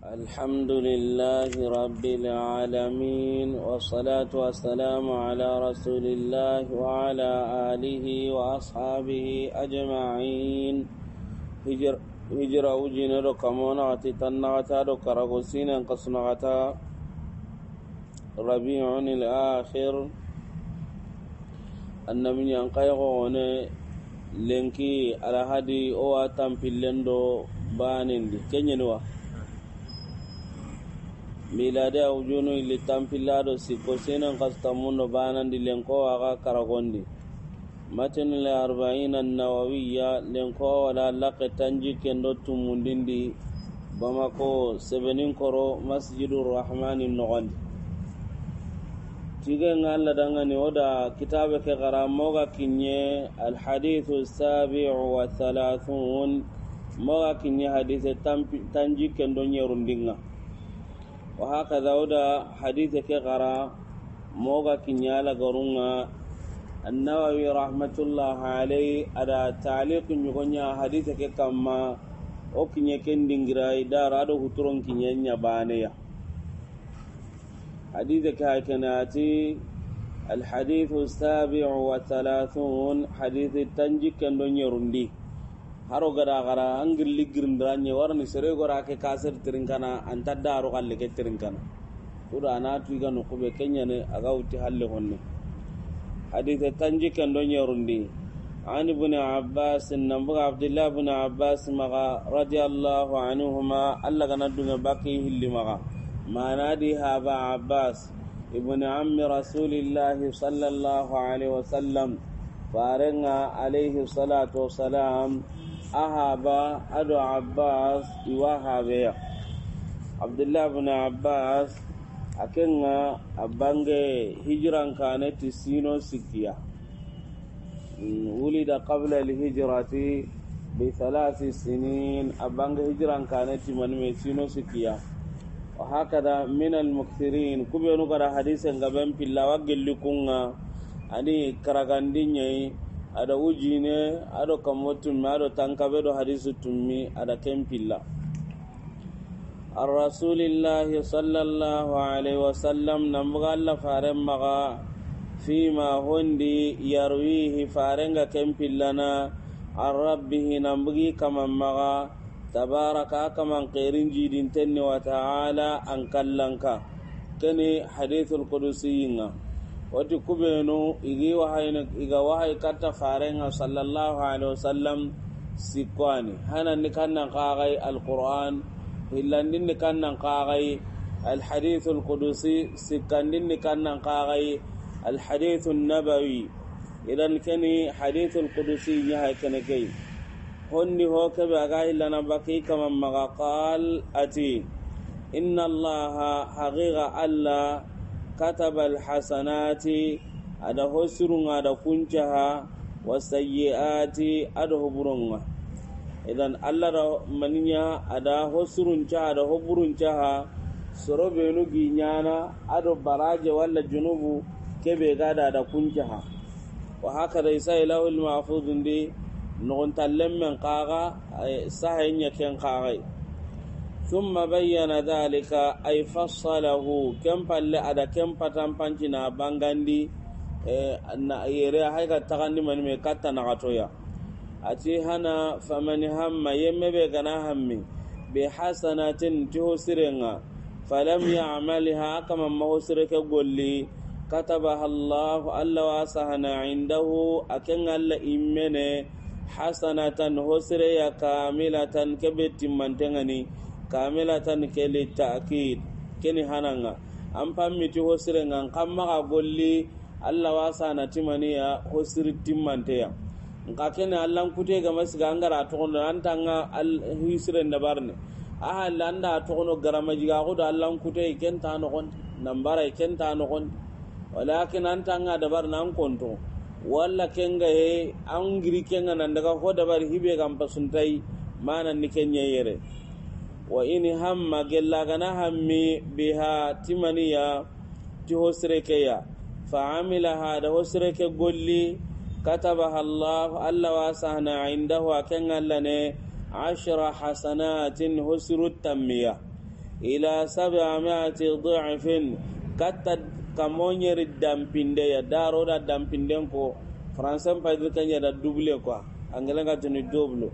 الحمد لله رب العالمين والصلاة والسلام على رسول الله وعلى آله وأصحابه أجمعين هجر وجن هجر وجن رقموناتي تنغتا قصن قصنغتا ربيع الآخر أن من ينقيقون لنكي على هدي alahadi في اللندو بانين kenyeniwa milade awujunu ili tampillado sikko sinen kastamundo banandi lenkowa ka karagondi matinu le arbaina nawawiya lenkowala lake tanji kendo tumundindi bamako sebenin koro masjidu rahmani nogondi tige ga allah dangani woda kitabe ke kara moga kinye alhadithu sabiu wa thalathun moga kinye hadise tanji kendo nyerundinga وهكذا ودا حديثك غرا موغا كنيالا غرونغا النووي رحمة الله عليه أدا تعليق نيغونيا حديثك كما o kiɲɛ ken dingirai dara ado huturon kiɲɛ ɲabaneya hadithe ke hakenati alhadithu sabiu wa thalathun hadithi haro gada gara an girli girndiranye warni sere gora ke kasir tirinkana anta daro kalle kana. tirinkana kuda ana tuiga no kube kenya ne aga uti halle honne hadithe tanji kando nyarundi nyeerundi. ابن عباس نبغ عبد الله بن عباس مغا رضي الله عنهما الله غندنا باقي اللي مغا ما Maanaa هذا عباس ابن عم رسول الله صلى alayhi, عليه وسلم فارنا عليه الصلاة والسلام ahaba ado abbas iwahabe abdullah bne abbas akenga abange hijrankane ti sino sikkiya wulida qable alhijrati bi halasi sinin abange hijrankane ti manme sino sikkiya wa hakada min almukthirin kubenu gada hadise nga ben pillawa gelli kunga ani karagandi yayi ada wujine ado kammo tummi ado tankabe do hadisu tummi ada kempilla an rasulillahi sallallahu alaihi wasallam namuga allah faren maga fima hondi yarwihi farenga kempillana an rabbihi nambugi kaman maga tabaraka kaman kerin jidintenni wa ta'ala an kallanka tani hadithul qudusiyinga wati kubenu igi wahayna iga wahay katta farenga sallallahu alaihi wasallam sikwani hana ni kannan qagai alquran hillandin ni kannan qagai alhadith alqudusi sikandin ni kannan qagai alhadith annabawi idan kani hadith alqudusi ya kana kai honni ho kabe aga hillana baki kaman maga qal ati inna allaha haqiqa allah katabal hasanati ada hosirunga ada kuncaha wasayiati ada hoburunga idan allah da maninya ada hosuruncaha ada hoburuncaha soro benu giñana ada baraje walla junubu kebe gada da kuncaha wa hakada sai ilahul mahfudun di nogontallen men kaga sahayenya ken kagai ثم بين ذلك أي فصله كم فل أدا كم فتن فانجنا بانغاندي يري هيك تغني من مكتا نغتويا أتي هنا فمن هم يم بغنا همي بحسنات تهو فلم يعملها كما ما هو سرك قولي كتبها الله ألا واسهنا عنده أكن ألا إمني حسنة هو سريا كاملة كبت من تغني tan ke ta'kid kini hananga an ti hosire n kan maga golli allah na timaniya hosiri ya ngaka kene allah n kute gama siga an gara ngon an tanga hisiren dabarne a halle an da togono garamajiga da allah kute ken ta nogonte nambara ken ta nogonte walakin an tanga barna an konto walla kenga he an giri kenga nan daga da bar hibe gam pasuntai mana ni kenya yere wa inni hamma galaanaamii bixii timbaniyaa ti hosoo yaariya fahamilaa hada golli galii katabii allahu sahanii aandahu akkanaa laatan casharuu xassanatii hosoruu tammiyaa ila sabaamii ati dhoofiin katii kamoo yeri danbite yaadadhoo danbiteen kufuransa payita kan jiru dublii kan galanidha dubli.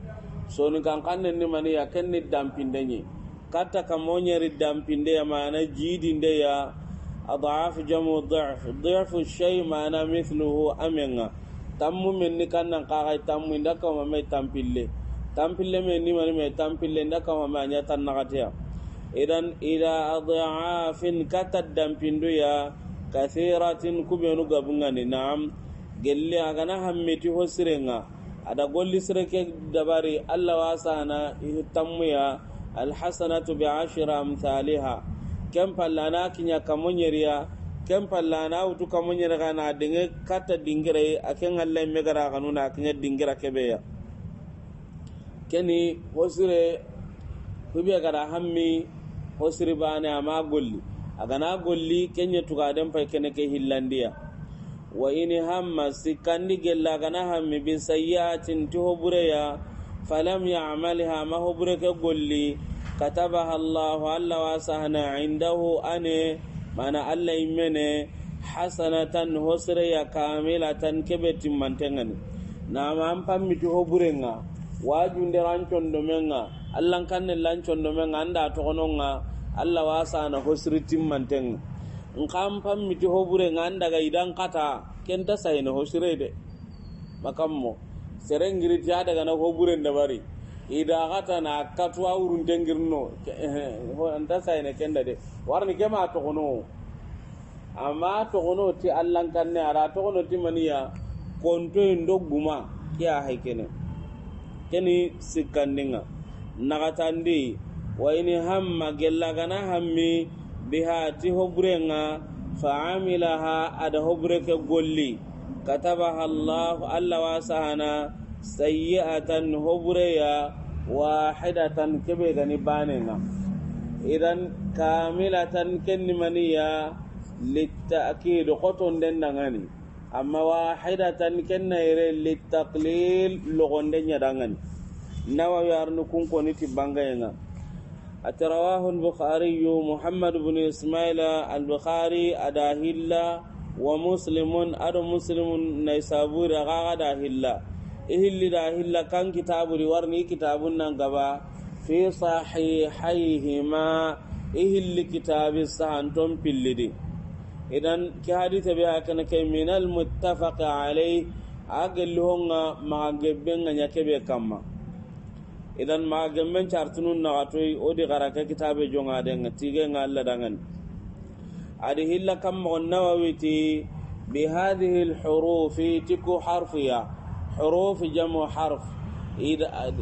soni kan ne ni mani ya ken ni dampinde ñi katta kamo ñeri dampinde ya mana nde ya adaaf jamu dif difu shay mana mithluhu amenga tammu men ni kannan kaxay tammu inda kama mai tampille tampille men ni mani mai tampille inda kama ma nya tan naxateya idan ila adaafin katta dampindu ya kathiratin kubenu na naam gelle agana hammeti ho sirenga a da golli sirke dabari allah wasa wasana ihtammuya alhasanatu bi ashri amthaliha ken na kinya kamonyeriya ken na wutu yariya na dinge kata a aken allah megara kanuna kinyar dingira ya keni hosire kubiya gara hammi hosiri bane ama golli agana golli kenya tukadin fai kene ke hillandiya wa ini hamma kandi gella gana hammi bi sayyi'atin ti ya falam ya'malha ma hobure ke golli kataba allah alla wa sahana indahu ane mana alla imene hasanatan ya kamilatan kebetin na ma an pammi ti hoburenga wajunderan condo menga allan kanne lan condo menga anda togononga Allah wa sahana hosri timmantenga nkan pammiti hoɓure ŋan daga idan kata kenta sayine hosire de makammo serengiriti a daga na hoɓurende bari ida kata na katu a wuruntengirino anta eh, sayine kenda de warni kema togono amma togono ti allankanne ara togono ti maniya kontoyin do guma ke a hay kene keni sikkandinŋa nakatandi wayini hamma gellagana hammi biha ti nga fa amilaha ada ke golli kataba allah allah wa sahana sayyi'atan ya wahidatan kebe gani nga idan kamilatan kennimaniya للتأكيد den دنغاني amma wahidatan kenna ire litaqlil logonde nyadangani nawa yarnu niti koni nga أترواه البخاري محمد بن إسماعيل البخاري أداهلا ومسلم أدو مسلم نيسابور غاغا داهلا إهل داهلا كان كتاب ورني كتاب ننقبا في صحيحيهما إهل كتاب السهنتم باللدي إذن كحديث بها كان من المتفق عليه أقل هنا مع جبين يكبه كما idan ma gemmen chartunun na o odi garaka kitabe jonga denga tige nga alla dangan adi hilla kam mon nawawiti bi hadhihi al hurufi tiku harfiya huruf jamu harf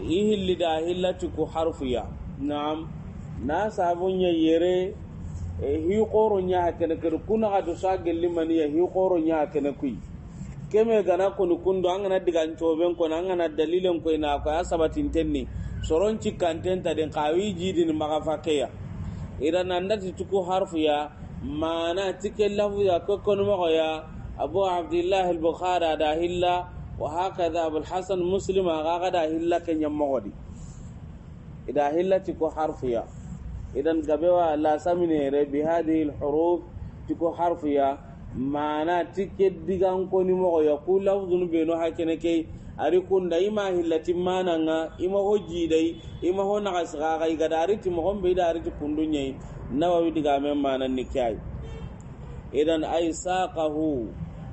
ihilli da hilla tiku harfiya na'am na sabunya yere e, hi qoro nya hakene ker kuna ga dusa gellimani ya hi qoro nya hakene kui keme gana kunu kundo an gana digan coben ko an gana dalilen ko ina ko asabatin tenni soron cikkantenta den kawi jidini maga fakeya ida nandati tuku ya mana tike lafuya ya abu abdillah albukhari ada hilla wa abu hassan muslim agaga da hilla kenyamogodi ida hilla tiku harfuya idan gabewa al-huruf lhuruf tiku ya mana tike digankonimogoya ku lafdunu beno hakenekei ari kunda ima hillati mananga ima ho jidai ima ho na saga ga dari ti mohon be ari ti kundunya nawawi diga men manan ni kai idan ai saqahu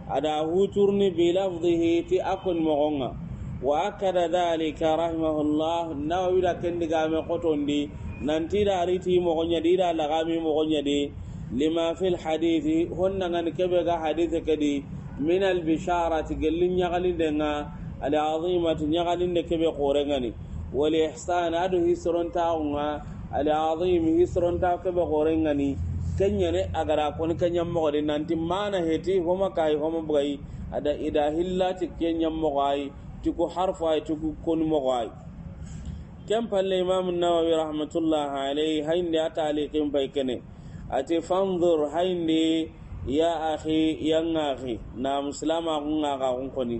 ada huturni bi lafdhihi fi akun mogonga wa akada dhalika rahimahullah nawawi da ken diga me qotondi nanti ari ti mogonya di da lagami mogonya di lima fil hadithi honna ngan kebe ga hadithi kadi min al bisharati gellin yagalin denga da wale alazimatu ñagalinde keɓe qorengani wal ihsan ado hisrontaxunga alazim hisronta keɓe qorengani kenyane agara koni kenyan mogode nanti mana heti homa kai homa bugai ada ida hillati kenyan mogai tiku harfu ay tiku koni mogai kem palle imam nawawi rahmatullah alayhi hayndi atali kim bay kene ati fanzur hayndi ya ake yang akhi na muslima kunga ga kun koni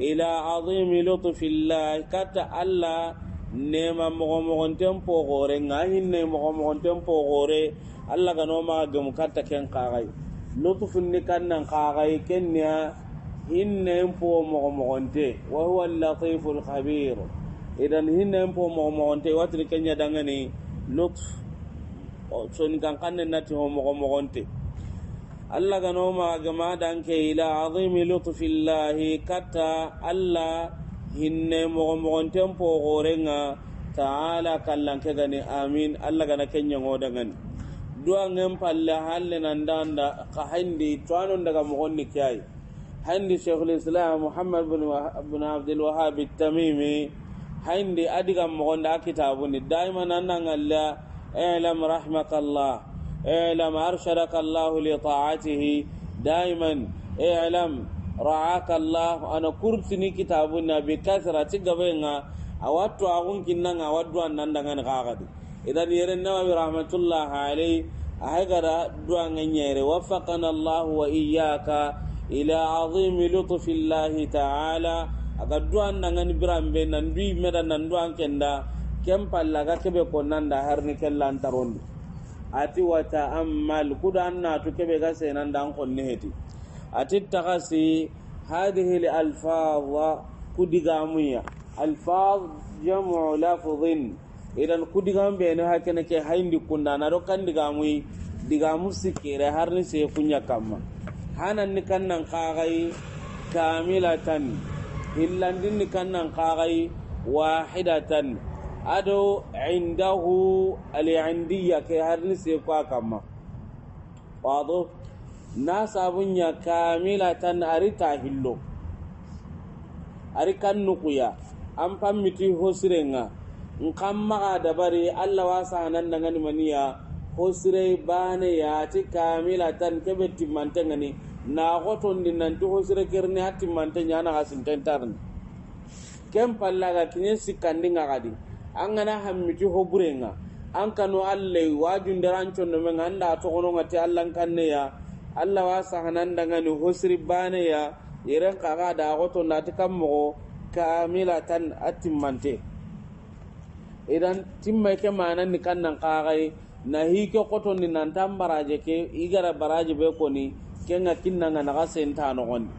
ila azimi lutfillah kata alla nema mogomogonten pogore mogo mogo tempo gore alla gano ma gemu kata ken kaxay lutfunni kannan kaxay kenniya mogo mogo te wa huwa latiful khabir idan mogo po mogomogonte watini kenya dangani lutf soni kan kannen nati mogo te allah ganoma gama da ke yi la azimi lutfillahi kata allah hinne mogomogonten pogorenga ta'ala ke gani amin allah gana kenyango dangani duwangen palle halle nandanda ka handi twanon daga mogonni kiyayi handi sheikhul islam muhammad bin abdul wahab tamimi handi adiga mogonda a kitabuni daima nandangallah ilam rahmakallah اعلم أرشدك الله لطاعته دائما اعلم رعاك الله أنا كرتني كتابنا بكثرة قبلنا أود أعون كنا أود أن نندعن غادي إذا يرن النووي رحمة الله عليه أهجر دوان يري وفقنا الله وإياك إلى عظيم لطف الله تعالى أقد دوان نغن برام بين ندوي مدن ندوان كندا كم بلغا كبه كنان دا هرني كلان تروندي ati wa ta'ammal kuda anna kebe ga senan dan heti ati takasi hadhihi al ku kudigamuya alfaz jam'u lafdhin idan kudigam be no hakene ke haindi kunda na do kan digamui digamu sikere har ni se kunya kamma hanan ni kannan kagai kamilatan hillandin ni kannan kagai wahidatan ado indahu al'indiyya kai har ni sai kwa kama wato na sabun ya kamilatan ari tahillo ari kan nukuya an fammiti hosirenga in kan maga dabari allah wasa nan da ngani maniya hosire ne ya ti kamilatan kebe gani na goton din nan ti hosire kirni hatimante nyana hasinten tarni ken ga kinye sikandi gadi an gana hobure nga an kano allah wajun daran condo men anda togono ngati allan kanne ya allah wa sahanan daga ni hosri bane ya yeren kaga da goto nati kammo a atimmante idan timmai ke manan ni kannan kagai na hike koto ni nan tan baraje ke igara baraje be koni kenga kinnanga naga ta nogondi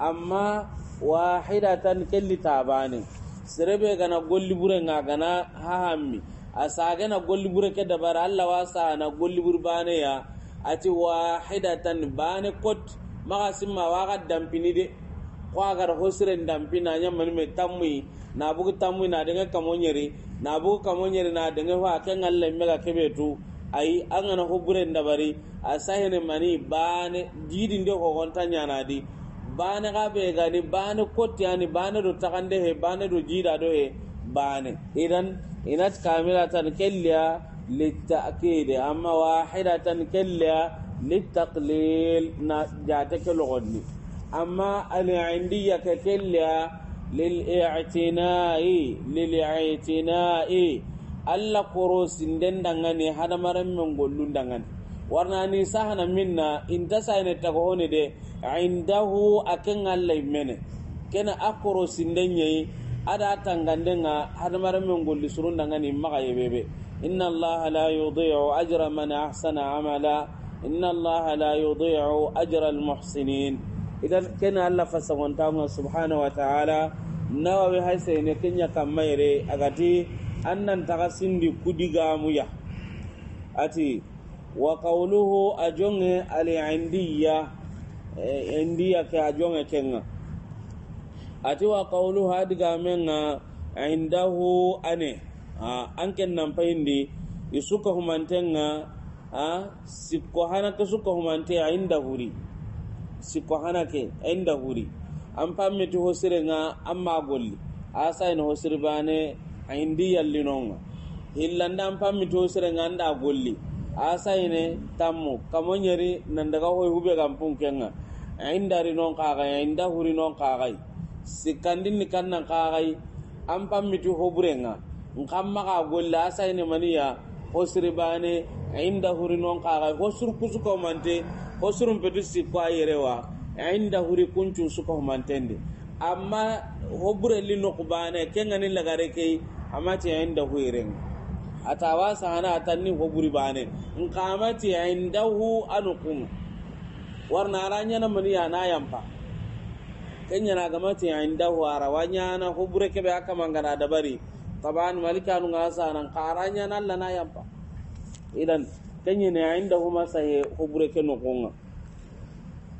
amma wahidatan kelli bani. sirebe gana gollibure nga gana hahammi a sagana gollibure ke dabara allah wa sahana gollibur bane ya ati wahidatan bane kot maga simma waga dampini de ko agar hosire dampina nya mani me tammi na bugu tammi na daga kamonyere na bugu nyeri na daga wa kan allah mega kebetu ayi an gana hobure dabari a sahene mani bane didi de ko gonta nya na di bane ga be gani bane kotti ani bane do takande he bane do jida do he bane idan inat kamilatan kelliya للتأكيد أما واحدة كلها للتقليل جاتك لغني أما العندية كلها للاعتناء للاعتناء ألا قروس دندغني هذا مرم من قلون dangane. warna ni sahana minna inta sayne tago oni de indahu akan Allah mene kena akoro sindenye ada tangandenga hadmar men golli surunda ni magaye yebebe inna Allah la yudhi'u ajra man ahsana amala inna Allah la yudhi'u ajra al muhsinin idan kena Allah mu subhanahu wa ta'ala nawawe hay ne kenya kamayre agati annan taga kudiga muya ati wa qawluhu a jonge alindiya e, indiya ke a jonge kenga ati wa qawluhu adiga menga indahu ane anken nan payindi i suka humantenga a sikko hanake suka humante ainda huri sikko hanake ainda huri an pammiti hosire nga an magolli a sayin hosiri bane aindi yallinonga hillande an pammiti hosire nga an da golli Asa asaine tammu kamo nyeri nandaga hoy hube kampung kenga indari non kagai inda huri non kagai sikandin ni kannan kagai an pammiti hoburenga nkamma ka golla asaine maniya hosiri bane inda huri non kagai hosur kusuko mante hosurun petu sikko ayerewa inda huri kuncun suko mantende amma hobure li nokubane kenga ni lagare kei amati inda huirenga atawa sana atanni ko ba bane in kamati qamati indahu anqum warna aranya na kan yana yampa ya na dahu indahu rawanya na ko kebe aka mangana da bari taban malika nun gasa nan na nan lana yampa idan ya ne indahu masa ya bure ke nukun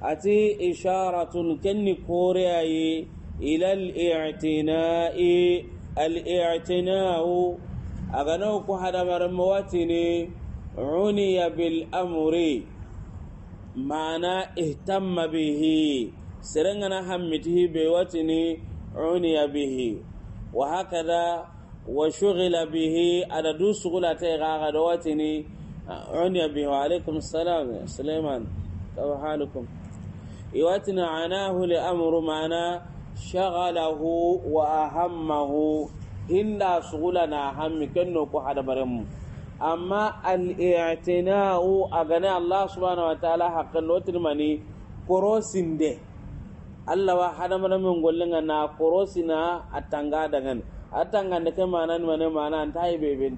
a ti isharatun kenni kore ya ila ilal itinai al-i'tina'u اغنو كو حدا عني بالامر معنى اهتم به سرنغنا حمته بواتني عني به وهكذا وشغل به على دوسغلا تيغاغا دواتني عني به وعليكم السلام يا سليمان كيف حالكم يواتنا عناه لامر معنى شغله واهمه inda sugula na hammi kenno ko hada baremu amma al-i'tina'u agana Allah subhanahu wa ta'ala haqqan lotin korosin korosinde Allah wa hada baremu gollenga na korosina atanga dangan atanga ne ke manan mane mana antai de,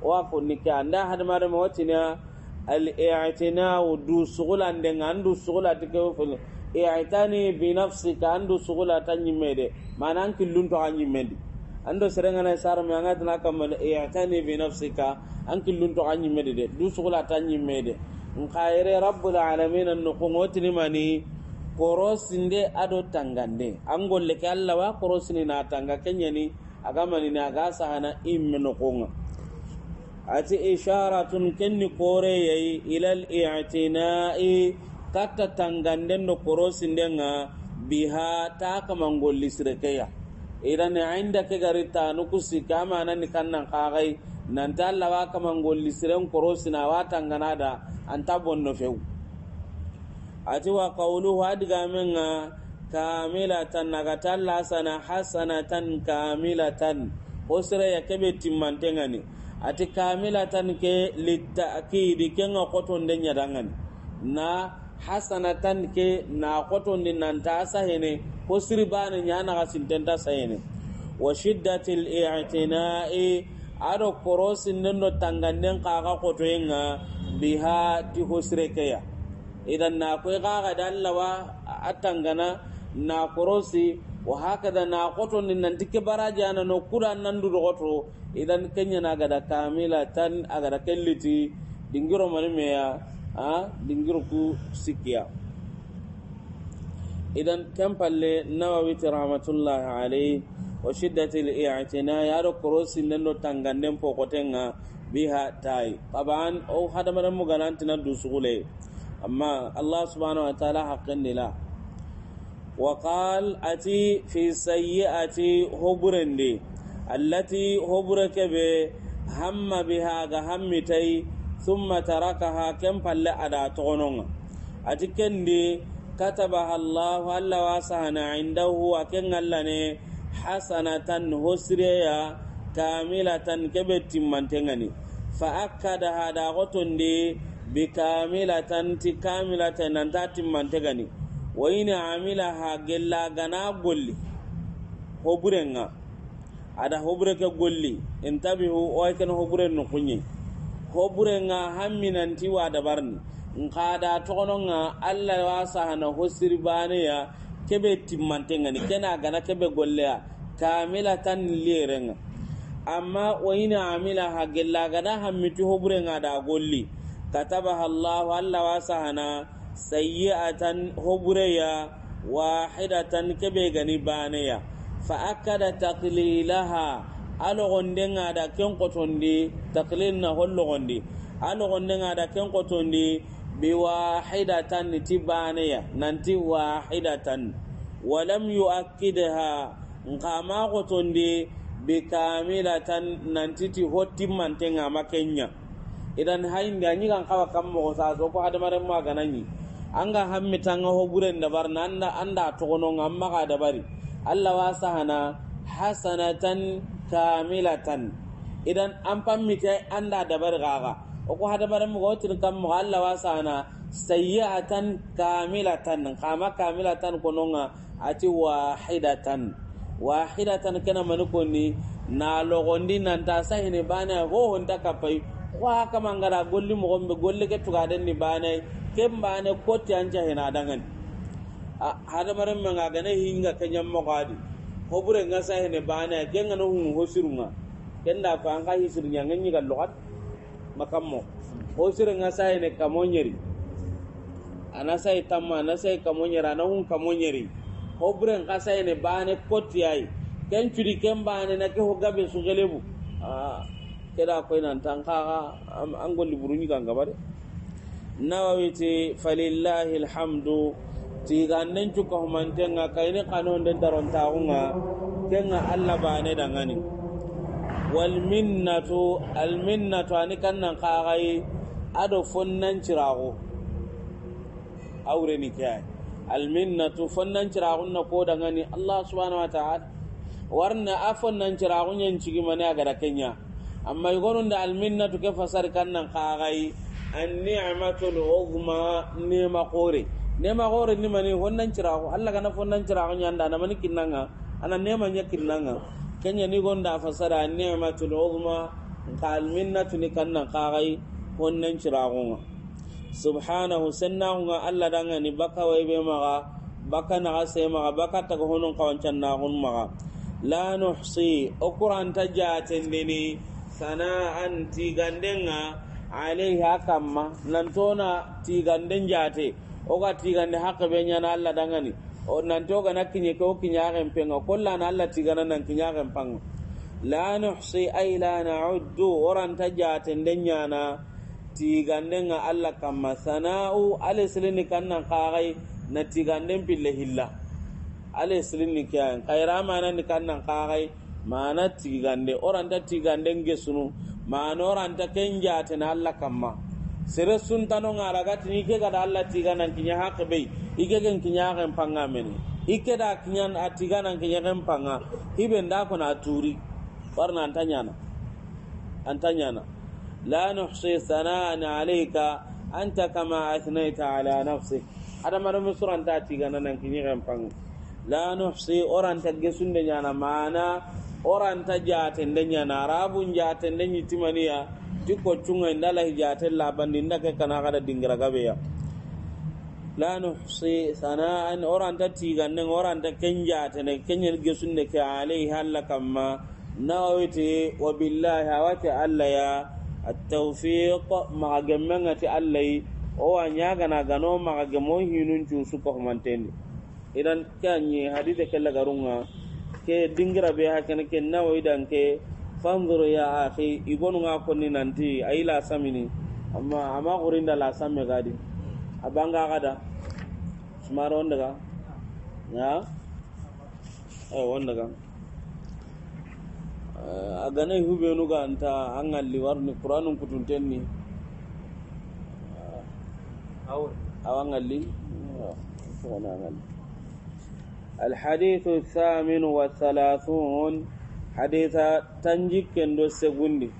wa kunni ka anda hada baremu watina al-i'tina'u du sugula ndenga du sugula tike fulu i'tani bi nafsika andu sugula tanyimede manan killun to anyimede an do ando serengana sar me anga tana kamal i'tani eh, bi nafsika an kullun to anyi medede de du sugula tanyi mede in khayre rabbul alamin an nuqumotini mani korosinde ado tangande an golle ke Allah wa korosini na tanga kenyani aga mani na ga sahana imme nuqunga ati isharatun kenni kore yayi ilal i'tina'i katta tangande no korosinde nga biha ta kamangolli sirkeya idan ke gari ta nuku kusi kama nan kannan kagai nan ta Allah wa ngoli golli siren korosina wa tangana da an ta bonno few ati wa diga adiga ga kamilatan nagata Allah sana hasanatan kamilatan osira ya kebe timmantengani ati kamilatan ke litakidi kenga kotonde nyadangani na hasanatan ke na kotonde nanta asahene hosiri bani ta sintenta ne wa shiddati litinai ado koro sinnen do tanganden kaxa kotoyenga biha ti hosire keya idan na koy kaka da allawa a tangana na korosi wa hakada na koto ni nanti ke baraji ana no kuda nan du koto idan kenya na gada kamila tan agada kelliti dingiro mani meya a dingiro ku sikiya idan kempalle nawawiti rahmatullahi aleyh o shiddati litinai aɗo korosi ndenɗo tanganden pokoten ga biha tai taban o hadamaɗan muganantina dusugule amma allah subhanahu wa taala haqqindila wa qal ati fi sayyiati hoburendi allati hobure keɓe hamma biha ga hammitai thumma tarakaha kempalle aɗa togononga ati kendi katabaha allah alla wasahana indahu aken alla ne hasanatan hosiriya kamilatan kebe timmantengani fa akkadaha dagotondi bi kamilatan ti kamilatan nanta timmantegani wayini amilaha gella gana golli hoburenga ada hobureke golli intabihu oy ken hoburen nukunye hoburenga hamminanti wa dabarni nkada togononga allah wa sahana hosiri ya kebe timmantenga ni kena gana kebe golleya kamila tan nga amma wayini amila ha gella gana hammiti nga da golli kataba allah allah wa sahana sayyi'atan ya wahidatan kebe gani ya fa akada taqlilaha nga da kenkotondi taqlilna taqlil na nga da kenkotondi biwahidatan ti baniya nanti wahidatan walam yuakkidha nka ma kotondi bi kamilatan nanti ti hoti mante nga makenya idan hayndi anyi kan kawa kam mo sa so ko hada ma gananyi anga hammi tanga ho buren da bar nanda anda to gono ngamma ka da bari allah wasahana hasanatan kamilatan idan an pammite anda da bar gaga oku hadamaren mugo tir kam mo alla wasana sayyatan kamilatan kama kamilatan kononga ati wahidatan wahidatan kana manukoni na logondi nanta sahini bana ho fai ko wa kama ngara golli mo gombe golle ke den ni bana kem bana koti anja hina dangan hadamaren manga gane hinga kanyam mo gadi hobure ngasa hene bana kenga no hun hosurunga kenda fa an ka hisir nyanga ga lokat makammo o sai ne kamonyeri ana sai tamma na sai kamonyeri ana hun kamonyeri ho buren ka sayene bane kotiyayi ken cudi ken ba ne na ke ho gabe sugelebu ah, keda koy nan tan kaga an golli buruñi kan gaba de nawawiti falillahi alhamdu tiganden cuka kai ne kanon den darontaxunga kenga allah bane dangani walminnatu alminnatu ani kannan kaxayi ado fonnanciraxu aure ke ay alminnatu koda ngani, allah subhanahu wa taala warna a fonnanciraxuñen cigimani a gada kenya amma igonunda alminnatu ke fasari kannan kaxayi annicmatu luzma nema kore nema kore fonnan fonnanciraxu allah gana na anamani kinnanga ana nema ña kinnanga kenya ni gonda fasara ni'matul uzma kal minnatu ni kanna qagai honnan ciragunga subhanahu sannahunga allah danga ni baka wai be maga baka naga sai maga baka ta taga honon kawancannagun maga la nuhsi ta o qur'anta jatendini sana'an tigandenga alayhi hakamma nan nantona tiganden jate oga tigande hakabe nya na allah ni o nanto gana kinye ko kinyaxen penga na alla tigana nan ren pango la nuhsi ay la nauddu woranta na tigande nga alla kamma sana'u ale silini kannan kaxay na tiganden pille hilla ale silini keayen kayramanani kannan kaxay mana tigande oranta tiganden sunu mana oranta kenja tena alla kamma sere suntano ngaragatini ike gada allah tiganan kiña haqe ɓey ike gen kiñaxen panga mene ike da tiga nan kinya kiñaxen panga ibe da ko na turi warna antanya na antanya na la nuhsi sanana alayka anta kama athnaita ala nafsik adamaɗome suranta kinya kiñaxen panga la nuhsi sunde nya na mana oranta na rabun arabun jatende ñittimaniya ti koccunga la hijate labandi ke kana kada dingira ya la nuhsi sana'an oranta tiganne ne kenjatene kenyel gesunde ke alayhi alla kamma nawiti wa billahi ta alla ya ma gamanga جمعة allai o wa no gano ga mo hinun cuusu koxumantendi idan ke yi ñi hadise ke lagarunga ke dingira be ha kene ke nawoyidan ke fanzuru ya akhi ibonu nga konni nanti ayila samini amma ama gurinda la samme gadi abanga gada smaro onda ga ya eh onda ga eh, agane hubenu ga anta angalli warni qur'anun kutuntenni eh, awangalli awangalli الحديث الثامن والثلاثون haditha tanjikken kendo segundi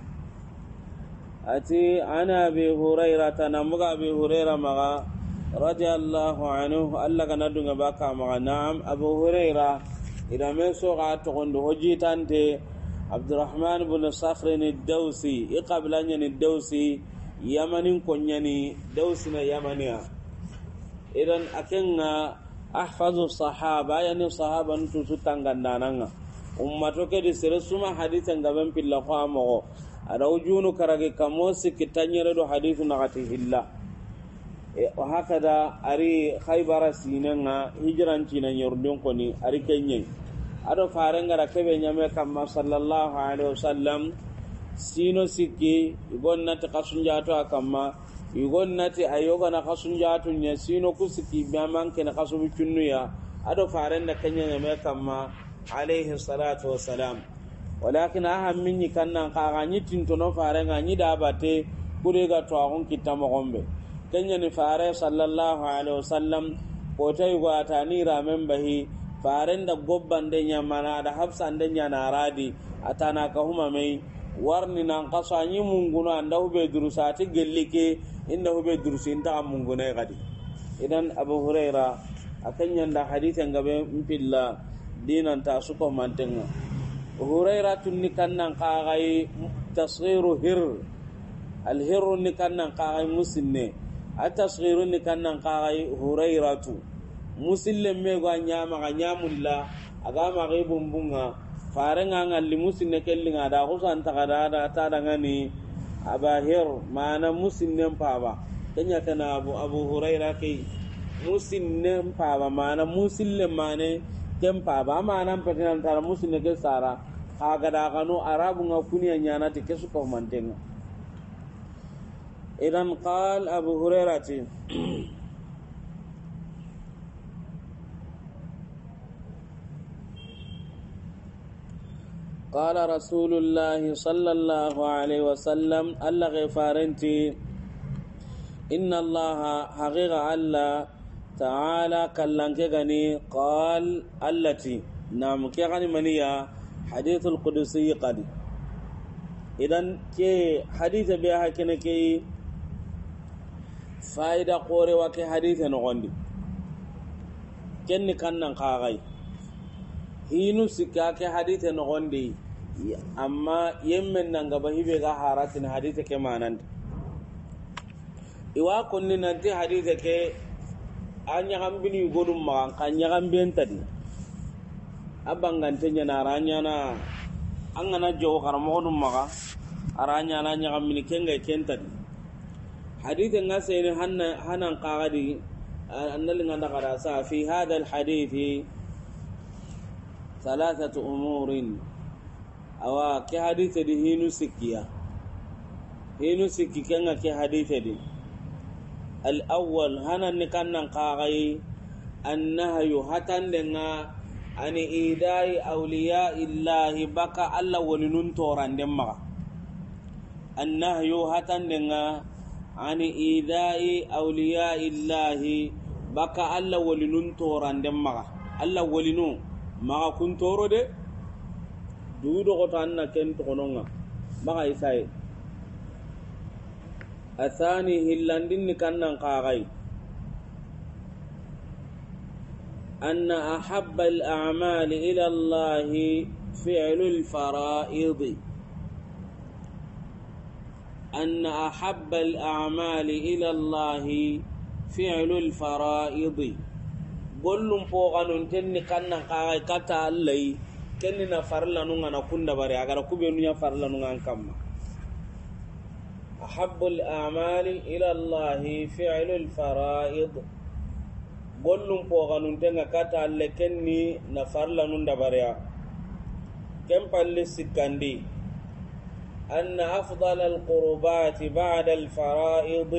ati ana abi hurairata namuga abi huraira maga radiyallahu anhu allah kana dunga baka maga naam abu huraira idame soga togondi hojitante abdurahman bnu sahrin dawsi i qabilanyani dawsi yamanin konyani na yamaniya idan akenga ahfazu sahaba yani sahaba ntutu tangandananga ummato kedi sere suma hadise ngaben pilla ho a mogo adawo junu karage kamo sikki tanyere do hadisu nagati hilla e o hakada ari haibara sinen ga hijirancina yorundin koni ari kenyei ado fare ngara kebe nyame kamma sallallahu alaihi wasallam sino sikki igon nati kasunjato a kamma igon nati ayogana kasunjato nya sino ku sikki bamanke na kasubu cunnuya ado fare nda kenya nyame kamma alaihi salatu salam walakin aham minni kannan kaga ni tintono fare nga ni dabate kure ga to agun kitta gombe kenya ni fare sallallahu alaihi wasallam ko tay ga tani ramen bahi faren da gobban de nya mana da hafsan de nya a atana ka huma mai warni nan kasa ni munguna anda hube durusati gellike inda hube durusin ta munguna e gadi idan abu huraira akan yanda hadithan gabe mpilla dinan ta su ko mantenga hurairah tun ni kannan kagai tasghiru hir al hirru ni kannan kagai musinne tasghiru ni kannan kagai hurayra tu musille me go nyama ga nyamulla aga ma ga bumbunga fare nga ngalli musinne kellinga da husan ta kada da ta daga ni abahir mana musinnen paba kanya kana abu abu hurayra kai musinnen paba mana musille mane dem pa ba ma ken pe ama tar petinantara ke sara ga da ganu arabu nga kuniya ñanati ke sukahumantenga idan qal abu ti قال رسول الله صلى الله عليه وسلم الله غفارنتي إن الله حقيقة الله ta'ala kallanke gani qal allati na muke gani maniya hadithul qudusi qadi idan ke hadith bi hakina ke faida qore wa ke hadith no gondi kenni kannan kagai hinu sikka ke hadith no gondi amma yemmen nan gaba hibe ga haratin hadith ke manan iwa kunni nanti hadith ke a ñagambini yugonum maxan xa abang tadi naranya na ñana ara ñana a ngana jowo xaramoxonum maxa ara ñana ñagambini kenga ken tadi hadite nga seni hanan kaxadi annalinganda xada sa fi hada alhadithi thalathatu umurin awa ke hadite di hinu sikia hinu sikia kenga ke hadite di al’awwal hannun nikan nan ƙarai an nahayu hatan da na an idai auliya baka Allah wani nun toron din mara an nahayu hatan da na an baka Allah wani nun toron Allah wani nun mara toro dai duk da na kenta kwanon ba isa yi athani hillandin ni kannan kagai anna ahabba amali ila Allah fi'lu al-fara'id anna ahabba amali ila Allah fi'lu al-fara'id gollum poganun tenni kannan kaxay kata allay kenni na farla nu ngana kunda bare agara kuɓenu ya farla nu ngan kamma أحب الأعمال إلى الله فعل الفرائض قل لهم بوغن انتنا كاتا لكني نفر لنن دبريا كم سكندي أن أفضل القربات بعد الفرائض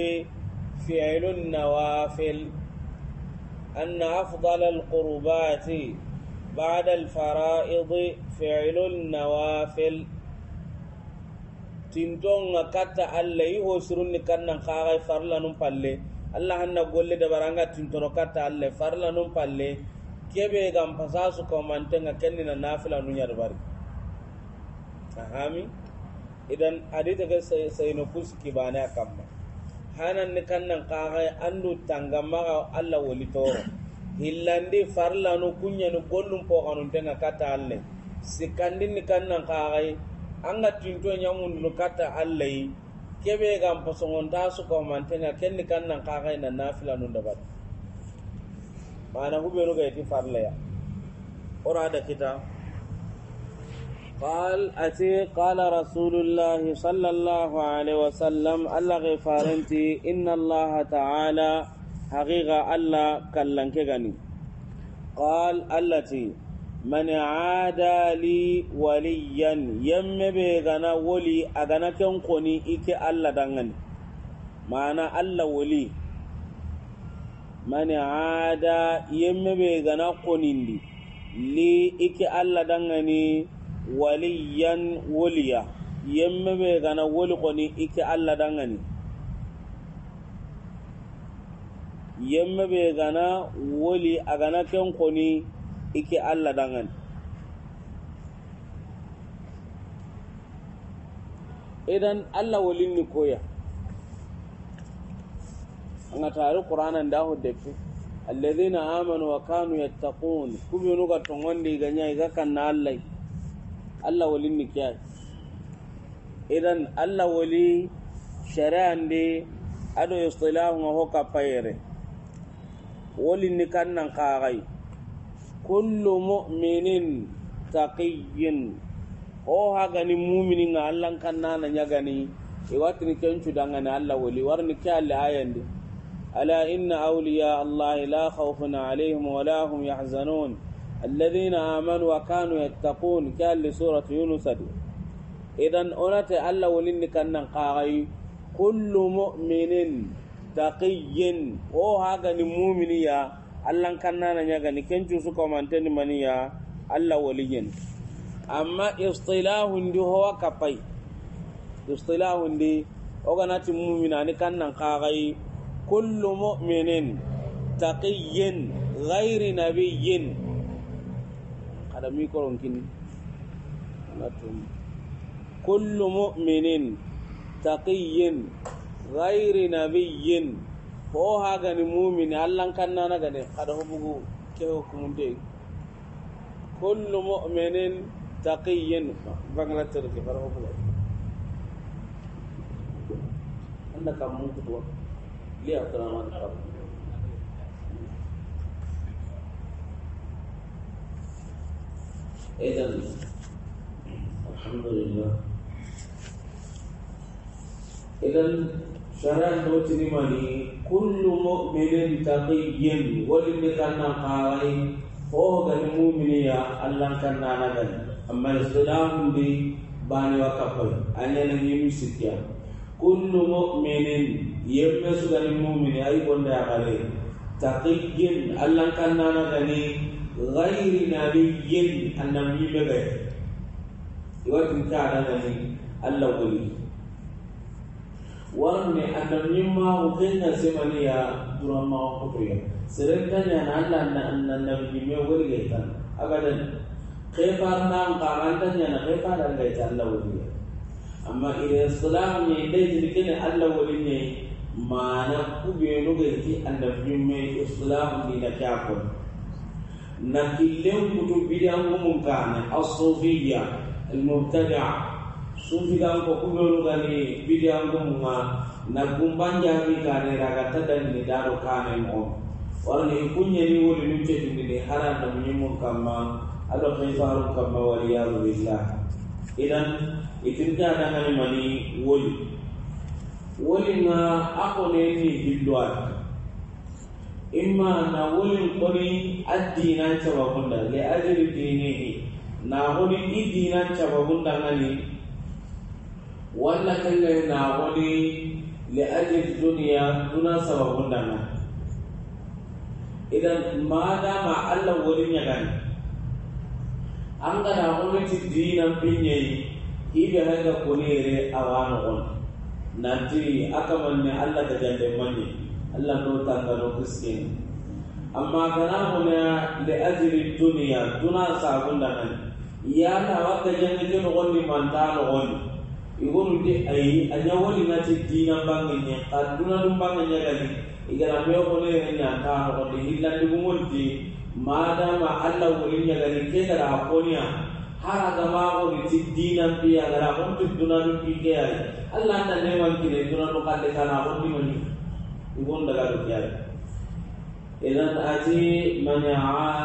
فعل النوافل أن أفضل القربات بعد الفرائض فعل النوافل tintonga katta allah i hosirunni kannan kaxay farlanum palle allah hanna golle dabaranga tintono katta allah farlanum palle kebe gam pasasu komantenga na nafila nuñada bari ahami idan aditake sayno kusi kibane a kamma hananni kannan kaxay andu tangamaxa allah woli toro hillandi farlanu kuñani gollum poxanuntenga katta allah sikkandinni kannan kaxay anga ya mun lukata allai kebe gam ta su ko mantenya kenni nan kakai na nafila nun da bat mana hubenu ga yati farlaya ora da kita قال أتي قال رسول الله صلى الله عليه وسلم الله غفارنتي إن الله تعالى حقيقة الله كلنكغني قال التي man ada li waliyan yamme be gana woli agana ken koni ike allah dangani allah woli man ada yamme be gana konindi li ike allah dangani waliyan woliya yamme be gana woli koni ike allah dangani yamme be gana woli agana ken koni iki Allah dangan idan Allah walin ni koya an tare qur'anan da hudde alladhina amanu wa kanu yattaqun kubi nuga tongondi ganya ga kanna Allah Allah walin ni kiya idan Allah wali shari'an de ado istilahu ho ka payere walin ni kannan kagai كل مؤمن تقي او هاغاني مؤمنين الله كان نانا نياغاني يواتني كنشو دانغاني الله ولي ورني كال ايندي الا ان اولياء الله لا خوف عليهم ولا هم يحزنون الذين امنوا وكانوا يتقون كال سوره يونس اذن اونات الله ولي كان قاي كل مؤمن تقي هو هاغاني مؤمنين allan kannana ñagani kencu sukomanteni maniya allah woliñen amma istilahundi howa kapay istilahundi oganati ni kannan kagai kullu muminin taqiyyin ghairi nabiyyin kada mikoronkini natum kullu muminin taqiyyin ghairi nabiyyin ho ha gani mumini allahnkannana gani haɗa hoɓugu ke hokkumum de kullu muminin taqiyin bangla turki fara hoɓuga anda kam mumtuɗuwa li abdurahmani kam idan alhamdulillah idan شران دوتني ماني كل مؤمن تقي ولم كان قاري فوق المؤمن يا الله كان نادل أما الإسلام دي باني وكفل أنا نجيم سكيا كل مؤمن يمس المؤمن أي بند عليه تقي الله كان نادل غير نبي النبي بغير يوتن كان نادل الله ولي warne akamnyima ukenya sai mani ya durama sirrin tanya na alla na na nabiyime ta abadan khayfar na tanya na khayfar alla ita alla waliya amma ila salam ne dai jirkin ne ma na kube no gaiti mai islam ni da kyakon na kilin kutu bidan mun kana as-sufiyya al-mubtadi'a sufiganko kuɓenu gani bidiyangumuma nagumbanjangi kane ragata danni daro kane mo warni kunyani woli num cetindini haranda muñimum kamma aɗo kayfarum kamma waliyadu billah idan itinta dangani mani woli wolinga a koneni hilloat imma na wolin koni a dinan cababunda le ajiri dinihi na honi i dinan cababunda ngani wannan kenge na wani la'ajin duniya nuna duna sababun dana idan ma allon allah ya gani an gana woniti dinan pinyeyi ibe wani konere na on aka manne allah da jande manye allah no tangano kiskeni amma kana hona li ajli duniya duna sabun dana yana wakka jande ke wani wonni mantano wonni igonu de ayi a woni na ti dina bangenya aduna dum bangenya gani igara me ko ne nya ta ko de hilla de gumon di madama alla woni nya gani ke a dara a hara ma ko ti dina bi agara on ti duna dum bi ke ay alla na ne wan ki ne duna ko kale kana on di mani igon daga do ke ay ah? idan ati mana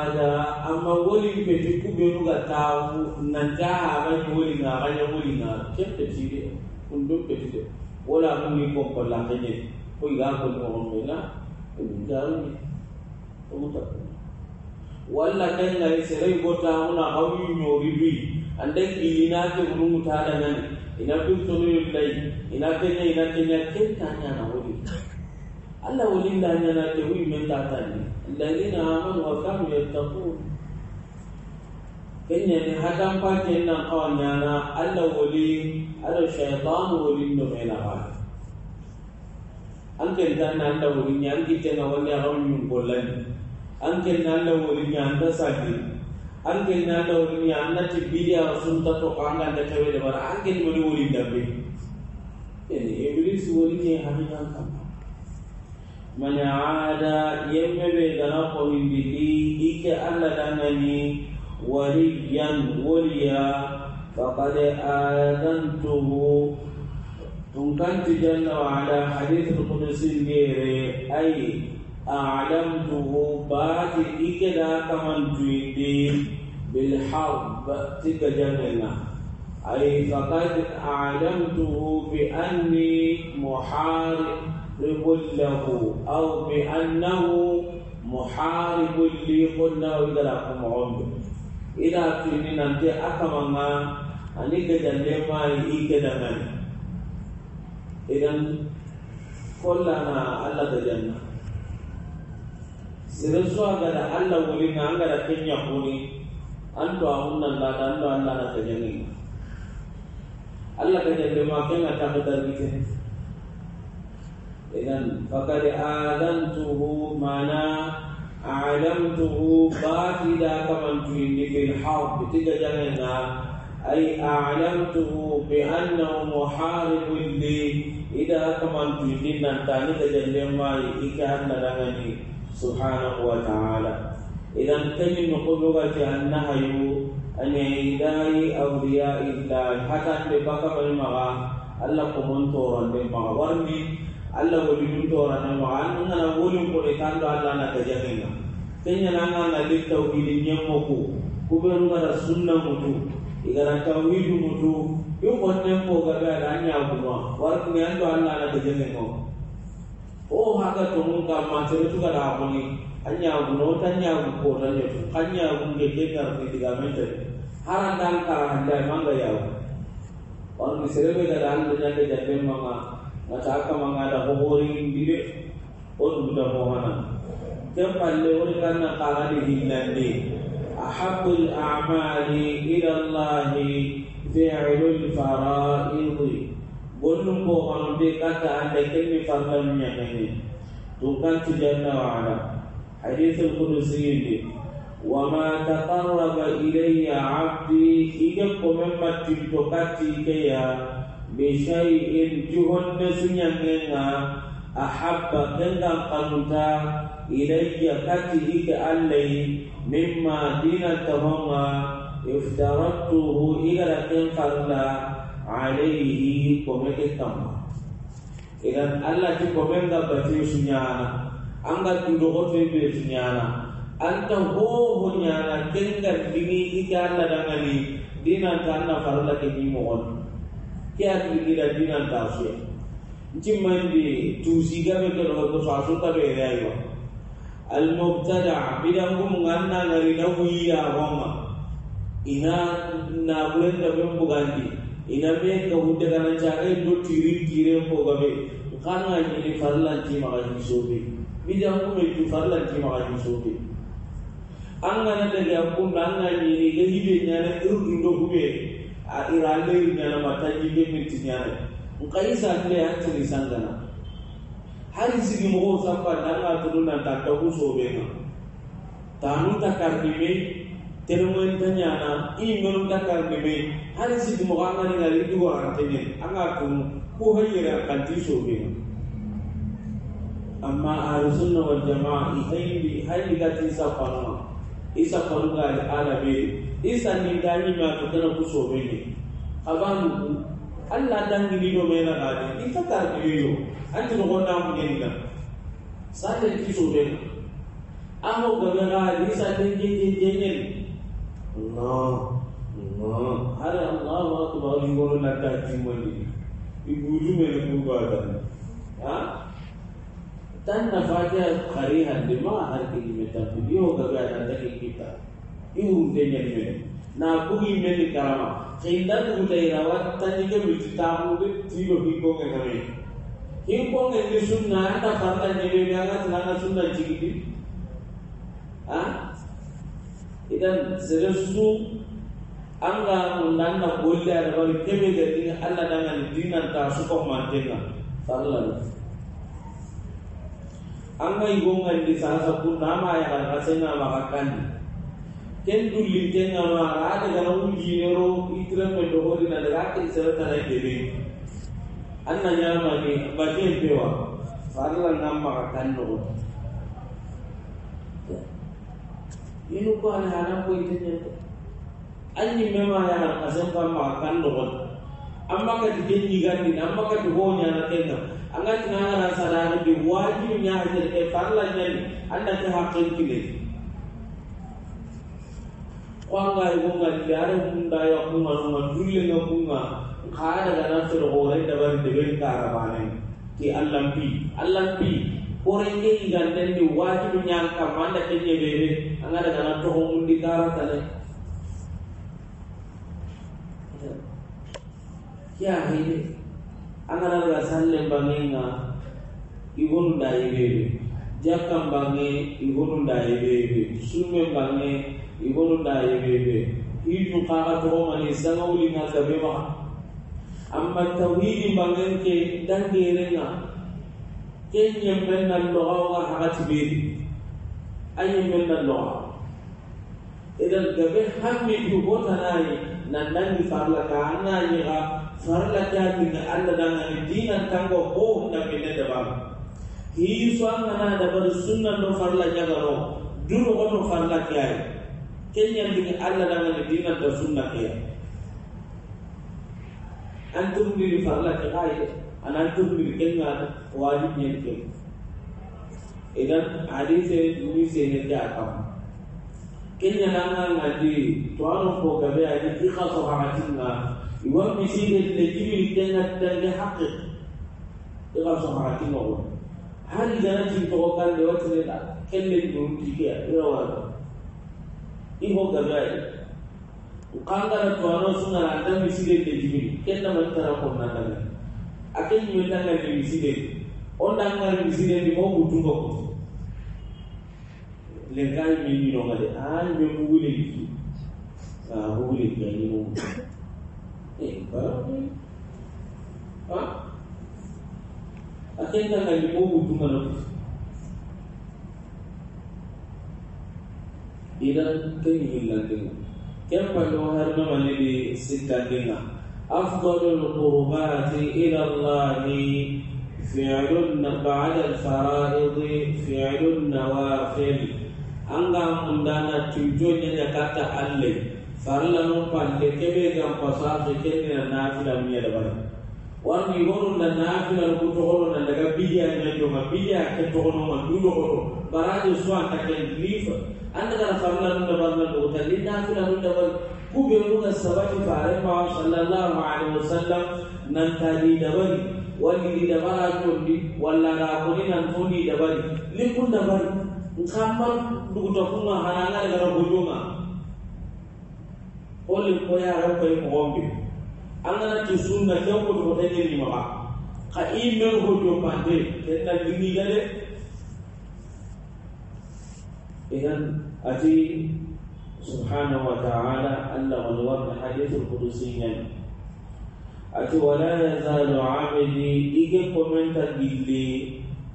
ada amma woli peti kubenu ga tawu nan ta haɓanya woli na haɓanya woli na ta peti de kun don peti de wala kun ni ko ko la kanye ko ga ko ko on mena kun ru ni ko ta wala kan na ri sai ko ta ha una hawi ri bi an da ki ni na ke mun ta da nan ina kun ni dai ina ke ne ina ke kenya ken tanya na ho alla wulinda na ke wi men ta tani na amanu wa kanu yattaqun kenya ni hadan pa kenna qaw na Allah wuli ala shaytan wulin do mena ba an ken tan nan da wuli nyan ki na wani aram nyum kollan an ken nan da wuli an ta ke an ken nan da wuli nyan na ti bidiya sun ta to kanga da wuli da bara an ken wuli wuli da be yani iblis wuli ne hakikan kan من عاد يمبي دنقو من بدي إك ألا دنني وليا وليا فقد آذنته تنكنت جنة وعلى حديث القدس الغير أي أعلمته بات إك لا كمن تريدين بالحرب تك جنة أي فقد أعلمته بأني محارب ببلغه او بانه محارب لي قلنا واذا لكم عمر الى كلمنا انت اكما ما عليك جنبا ايك دمان اذا كلنا الله تجنب سيرسوا على الله ولينا ان لا تنيقوني انت اهون الله انت الله تجنب الله تجنب ما كان تقدر بك idan faqad alantuhu mana alamtuhu qatida kaman tuhi bil harb tiga jangana ay alamtuhu bi annahu muharib li idha kaman tuhi nan tani tajalli mai ika annadangani subhanahu wa ta'ala idan kani nuqulga ti annaha yu an yidai awliya illa hatta bi baka bil maga alla kumun toran bi warmi alla ko dum to rana wa an na wuli ko tan do alla na tajahinga kenya na na na lit tawhid nyammo ko ko be ngara sunna mutu igara tawhid mutu yo ne ko ga ga anya kuma war ko yan do alla na tajahinga o haka to mun ka ma tere tu ga da ko ni anya guno tanya gu ko tanya tu kanya gu ge ge ga ni diga mente haran dan kara handa manga yawo on mi serebe ga dan do nyande ma mama maka akan mengada hukurin bilik on oh, budak mohana kepada oleh karena kala dihindari ahabul a'mali ilallahi Allah fi'lul fara'id bonum di ambe kata anda kini fardanya ini tukan jalla wa ala hadis al-qudusi ini wa ma taqarraba ilayya 'abdi hingga komemma tintokati kaya bisyai'in juhunna sunyangenga ahabba kenga kanuta ilayya kati ka allai mimma dinatahonga iftarattuhu igara kenfarla alaihi komeke tamma idan allah ti komenda bati sunyana anga tudogote be sunyana anta hoho nyana kenga dini iga allah dangani dinata anna farla ke ni mogon ke hakilila dinanta suya ntimmandi tuusigaɓe keno ko sasutaɓe eraywa almubtada bidangum ganna garina wuyiyahoma ina naɓurenda ɓen bugandi ina ɓen ka huddeganancagay do tirin tiren fogaɓe nkanga ñini farlantimaxa hisoɓe bidangume tu farlantimaxa hisoɓe an gana daga kunda an ga ñini ga hiɓe ñana irgindo huɓe a irale nyana mataji ne min tinyare nkai za kile ya sangana hari sigi mo sa pa danga tulu na ta ta ku so be na tanu ta karni me termoin ta nyana i ngonu ta me hari sigi mo ga ngani ngari du wa antenye anga ku ku hayira kan ti so be na amma ahlus sunna wal jamaa i hayri hayri ga ti sa pa na isa kwa lugha ya arabi isa ni dani ma kutana kusobeni abantu alla dangini do mena gadi isa tarbiyo antu ko na mungenga sale kisobeni aho gagara isa tengi jenjen Allah Allah hada Allah akbar yoro na tajimani ibuju mena kubada ha dan nafanya karihan lima harki imetambuliwa gaga yanatakikika ihu mtenyelmene na kugimeni karama kindatu mutairawa tanike mititamude tilo hikonge kame hikonge ni sunna anda farla nyebe ganga tilana sunna jigidi ha idan seresu anga undanda golle ada bari kebe gadi alla dangan dinan ta suko mantenga farla anga igongandi sasa kunama ma kasena makakandi ken ne dulli kengano ara dagana ujinero itireme dohorina daga ake seretana gere anna ñamani baken pewa farla ngam makakandoo inu ko ala hana ko itanya anyi ma ya kasan ka makakandoo amma ka tikenyi gandi amma ka tihonya na kenga anga tinanga na sarana di wajib nya hadir e eh, parla nyani anda ke hakin kile kwanga igonga diare munda ya kunga nunga dulle nga kunga khada gana sir gore da ban de ben karabane ki allah pi allah pi gore ke iganden di wajib nya kamanda ke nyebebe anga da gana to mundi karatane kya hede angana salle bangenga igonu dayibebe jaka bange igonu dayibebe sume bange igonu dayibebe iju kaga togomani sanga wulinga sabema amma tawhidi bangen ke dangerenga kenyemmen na logaoga hagati beri anyemmen na loga idan gabe hammi dubotanayi nan dangi farla ka annañiga farla jaɓirɗe allah ɗangani dinan tango ho hunɗaɓene daban hiyu so angana dabari sunnan no farla jagano durogo no farla keyayi keñandini allah ɗangani dinanta sunna keya an turndiri farla ke xaye anan turndiri keñana wajib ñen ke idan hadise mi senete a kam keñananga ngandi to ano ko gabe ani i xa soxaxatinga يوم إيه يصير النجيم الجنة ده حقق يبقى صحاتي موضوع هل جنات التوكل لوتر لا كلم بروتيكيا يروان إيه جبال وقال لك وانا سنة عندما يصير النجيم كنا ما تراكم نتنا أكيد يمتنا النجيم ondanga misire ni mogu tungo ko lengai mi ni no ngale an me mugule ki ah mugule ni mogu ها أكيد haibu huduma idan kai hilladin kan balo har na malibi sittadina afdalul qurbati ila Allah fi'lun ba'da al-fara'id fi'lun nawafil anga undana tujuannya kata Allah farla nun pante kebe gam pasage kennina nafila miya da dabara wani wonu na nafila ku togono na daga bidiya na jonga bidiya ke togono ma du dogoto baraje suwa ta ken lifa anda da farla nun da barla do ta li nafila nun da bar ku be mun sabati fare ma sallallahu alaihi wasallam nan ta di da bari wani di da bara jondi walla ra ko ni nan to ni da bari likun da bari kamar dugu to kuma hananga daga gojonga قول القيا رب يقوم به انا نتي سنه جنب الوتين اللي ما قائم من هو جو باندي كتا ديني جاد اذن اتي سبحانه وتعالى ان ولوان حديث القدسي اتي ولا يزال عبدي ايجي كومنت ديلي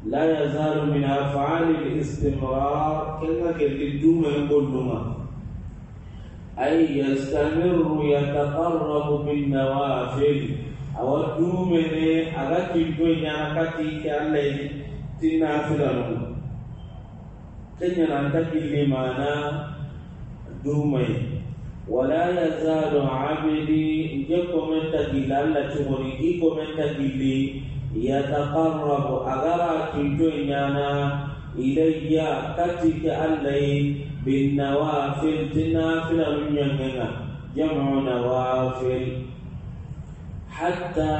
لا يزال من افعال الاستمرار كما كان الدوم يقول دوما أي يستمر يتقرب بالنوافل أود من أغاكي الدنيا أغاكي كالله تنافل كنا نتكي لمانا دومي ولا يزال عبدي نجيكم من تجيل الله تغني إيكم من تجيل يتقرب أغاكي الدنيا إلي كتك الليل بالنوافل تنافل من يمنا جمع نوافل حتى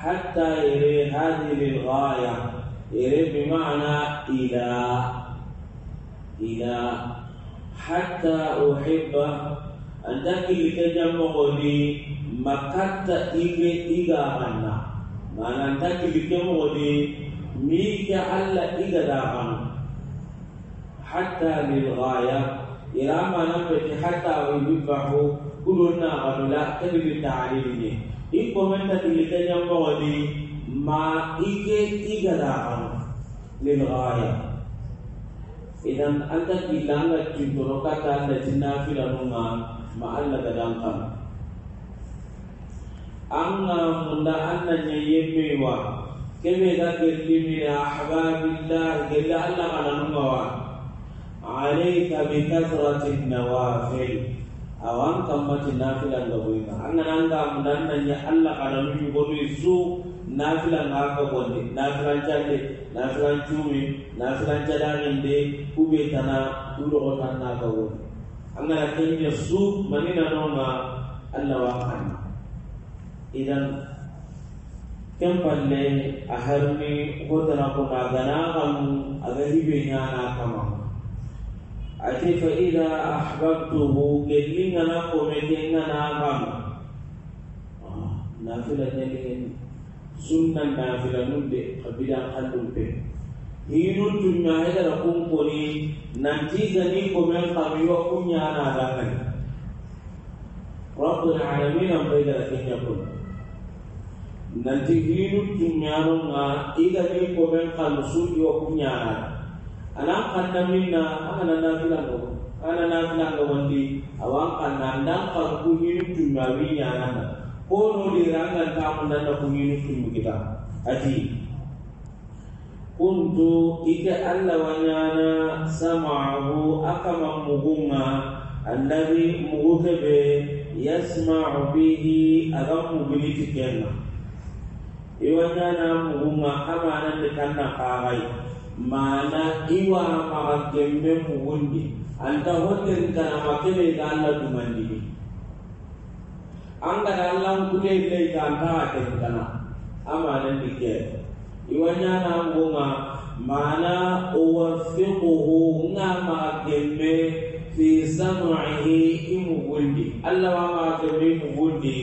حتى يري هذه للغاية يري بمعنى إلى إلى حتى أحب أن تكل تجمع لي مكت إلي إلى غنى معنى أن تكل تجمع لي ميك على إيجا أنا hatta lil ghaya ila ma nafi hatta yubahu kuluna wanula tabi ta'alimi iko menta tilitanya mawadi ma ike igara lil ghaya idan anta kilanga jintoro kata da jinna filanunga ma Allah gadangkan anga munda anna nyeyemewa kebe da gelli min ahbabillah gella Allah kananunga wa alayka bi kathrati nawafil awan kamati nafila ngabuyna anga nanga mundanna ya alla kana mi bodu isu nafila ngaka bodi nafila chande nafila chumi nafila chada ngende kube tana duro ona ngaka bodi anga lakini ya su manina noma alla wa kana idan kem palle aharmi ko tana ko nagana kam agadi be nyana kama ati fa ida ahbabtuhu gellinga na kometenga nagam nafila nyalihen sunna nafila nunde kabila kandum pe hinun tunna hedara kunkoni nantiga ni komen kamiwa kunyana adakani rabbul alamin am baydara kenya kun nanti hinun tunyano nga ida ni komen kalusuji wa kunyana adakani anan kanna minna angana nafila ngo ana nafila ngo wandi awan kanna ndan kan kunyini tunga winya nana ko no diranga tamu nan da kunyini tunga kita ati kuntu ike alla wanyana sama'ahu akama mugunga alladhi mugukebe yasma'u bihi agam mubiliti kenna iwanyana mugunga kama nan da kanna kagai maana iwara maranten men mugundi anta hotten tanama kebe ga allah dumandini an gada allan kute ileyta antawa ten tana amanandi ke iwanyanangonga maana owafikuhu nga maakenme fi samaihi i mugundi allah wa maakenme i mugundi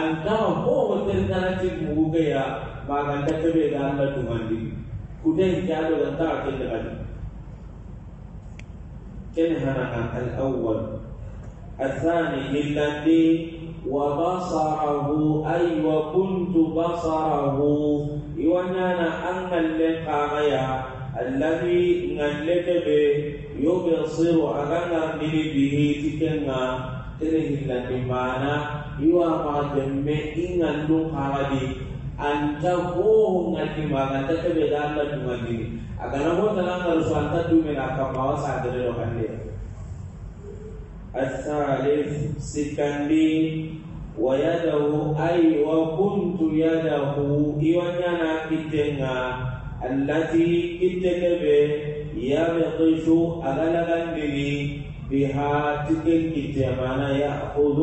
antawa ko hotten tanatin mugukeya maganta kebe ga allah dumandini هناك قالوا لن تعرف الا غني انهمها الاول الثاني الذي وبصره اي وكنت بصره يونانا ان اللقاء الذي نلك به يبصر اغنى به تكنا تنهي لنا بمعنى يوما جمع ان اللقاء antakohum ngakima ganta kebe da Allah dumagini agana mota na ngaru so anta dume na kapawa sadere lo kande الثالث سكندي ويده أي وكنت يده إيوانا كتنا التي كتكب يبطش أغلقا بني بها تكن كتنا يأخذ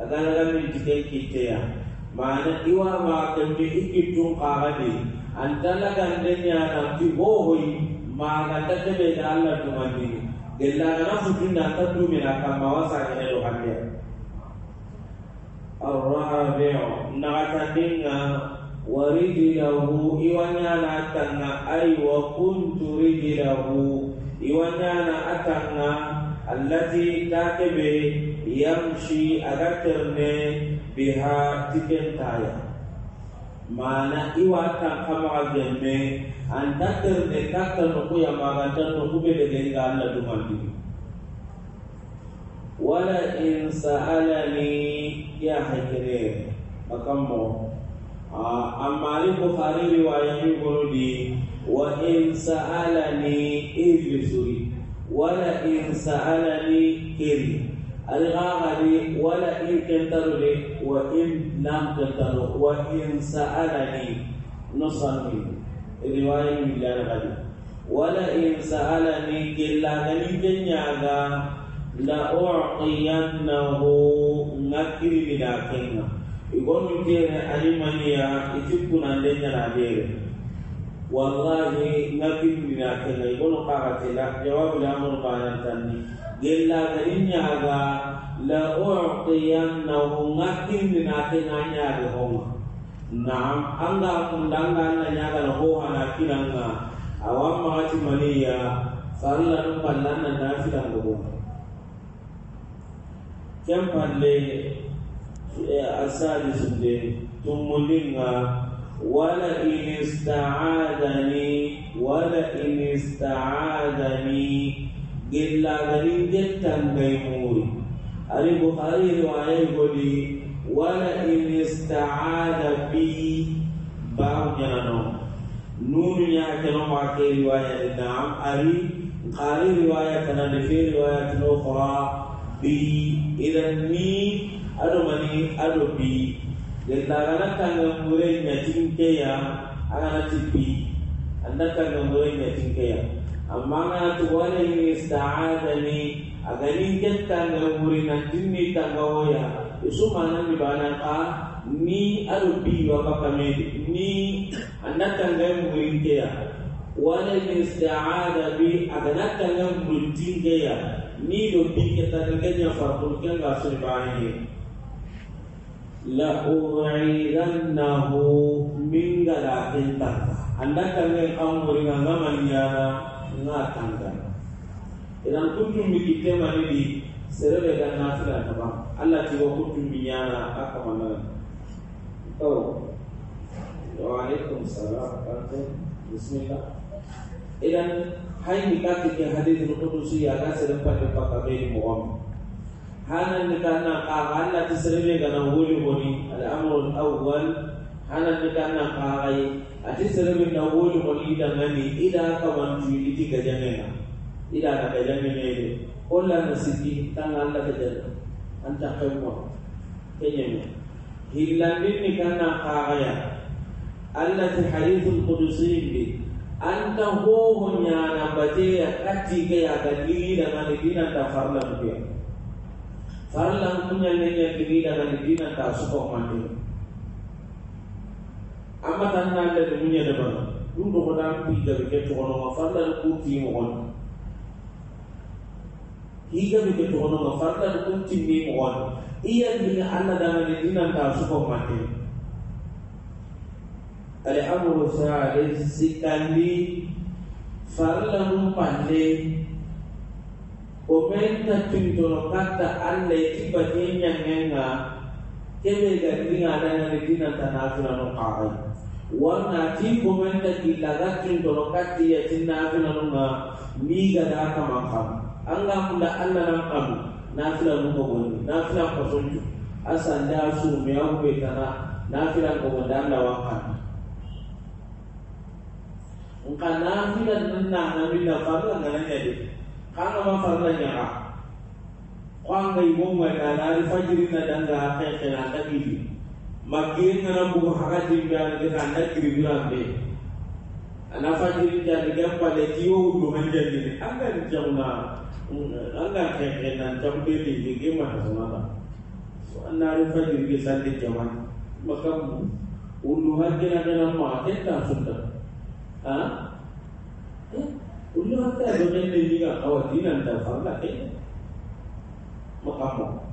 أغلقا من تكن كتنا mana iwa ma kan iki ikitun qaradi antala kan denya nan fi bohoy ma ga ta be da Allah to mandi gella na futun da ta to mi na kan ma wasa ne do hande arrabi'u na ta dinga warijilahu iwanya na tanga ai wa kuntu rijilahu iwanya na atanga allati ta kebe yamshi agatarne biha tiken taya mana iwa tan kama gemme an tatter ne tatter no ko yamaga tan no kube de genga Allah dumandi wala in sa'alani ya hakire makammo amali ah, bukhari riwayat guru di wa in sa'alani ijlisuri wala in sa'alani kiri الغامة لي ولا إن كنتر لي وإن لم كنتر وإن سألني نصر مني رواية من الغالي ولا إن سألني كلا نبي جنياغا لأعطينه نكر بلاكنا يقول كيرا ألمانيا يتبقنا لنا نبيرا والله نكر بلاكنا يقول قاعدة جواب الأمر قاعدة gella ga inyaga la u'tiyannahu ngakin na tinanya ga homa na'am anga kundanga na nyaga ga ho na kinanga awam ti maliya salla dum ballan na dafi da go kem palle e, asali sunde tumulinga wala in ista'adani wala in ista'adani gellagarinden tambay muri ari bukhari riwayat godi wala in ista'ada bi ba nyano nunu nya keno ma ke riwayat nam ari qari riwaya kana da fi riwayat no khara bi idan ni ado mani ado bi gellagana tanga mure nya ya ana bi anda tanga mure nya ya amana tuwalani ista'adani agani ketta ngawuri na jinni tangawoya isuma nami banaka ni arubi wa bakamedi ni anaka ngawurinkeya wala ista'ada bi aganaka ngawurinkeya ni do bi ketta nganya farqul kanga sunbani la u'idannahu min galatin ta andaka ngawuringa ngamanyana ŋa idan kuntum bigi tema ni di serebe ga nafila ta ba Allah ti wa kuntum biyana aka mana to wa alaikum salam barkan bismillah idan hay ni ka ti hadith qudusi ya ga serebe pa ta ka be mu am hanan ni kana ka Allah ti serebe ga na wuri wuri al-amru al-awwal hana nikanna kaxay ati serebe nawolu moni idangani ida kamantu iti gajanena idana gajangenede hollana sikki tanga alla gajana anta xemma keñeme hillandin ni kanna kaxaya allati hadithul qudusin bi anta hoho ñanabateya kattikeyaga liidangani dinanta farlankuya farlankuñalleña liidangani dinanta mandiri amma tan na le de munya de ban dum do ko dan pi de ke to no ma farla ku ti mo on higa de ke to no ma farla ku ti mi mo on iya ni anna dan ni dinan ta su ko mate al-amru salis sikandi farla mum pande o menta tintoro katta alla itiba kenya ngenga kebe ga dinga dana ni dinan ta na fura no qarai warna ti komenta ki laga tin to kati ya na afina nunga ni ga da aka maka an ga kula Allah nan kabu nafila nunga goni na ko sunju asan da su me ya na kana nafila ko da Allah wa kan in ka nafila nan na na min na fara na ne ya de na ma fara ya ka kwan ga ibo ma da na fajiri na danga kai ka na bi. makin ngana buku haka jinda ke tanda kirila be ana fa jinda de ga pale kiwo udu hanja ni anga ni na anga ke ke nan jambe de ni ke ma hasana so anna ri fa jinda sande jaman maka udu hanja na na ma ke ta sunda ha udu hanja do ne ni ga awati na ta fa la ke maka mo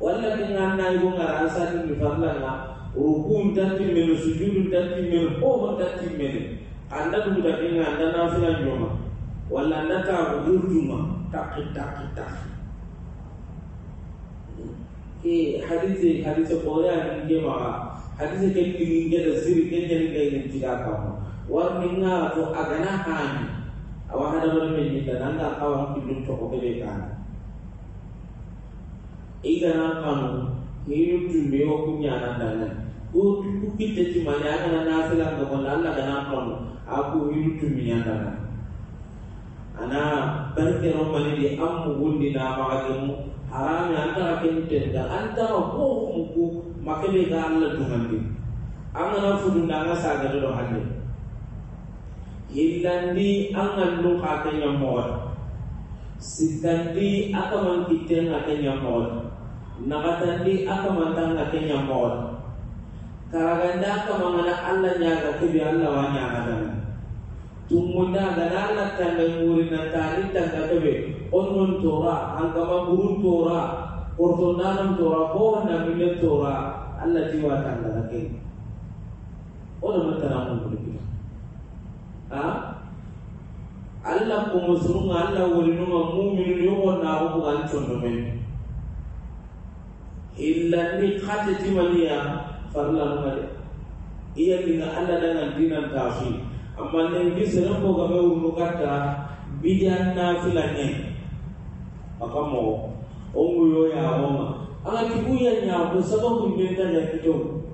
walla ti ngannaayi ko ngara sati mi farla nga rukum tatti mene sujudu tatti mene hoho tatti mene anda ɗum taki nga anda nafila ñoma walla anda taako ƴurtuma taki taki taki e hadise hadise ɓoore anin ke maxa hadise ke ligin ke da siri ke ñanigaynen tiga kamma warni nga to a gana haani awa hadamarame ñinda nanda kawan killum toxo keɓe kaani igana kanu hiru tumbe o kunyana dana ko kuki teti manya na nasila ga Allah gana aku hiru tuminya dana ana barke ro di ammu gundi na magamu harami anta akin tenda anta ko muku makabe ga Allah dungandi angana fudunda nga saga do hande hillandi angan lu kata nyamoda sitandi akaman kiten kata nyamoda nagatandi akamantanga kenyamola karaganda akamangana alla ñaga keɓe alla wa ñagagana tummundaga na alla tanga murinanta ani tanga keɓe on non tora ankama burun tora kortondanon tora howanamille tora alla tiwa tangana ken onamatanamugulikina a alla komosurunga alla wolinunga muminu yogonnaxobugan condomen illa ni khate timaniya farlan kare iya kinga alla dana dina tafi amma ne bi seram ko gabe urnu katta bidan na filanye mo ongu yo ya woma ala kibuya nya ko sababu mbenda ya kito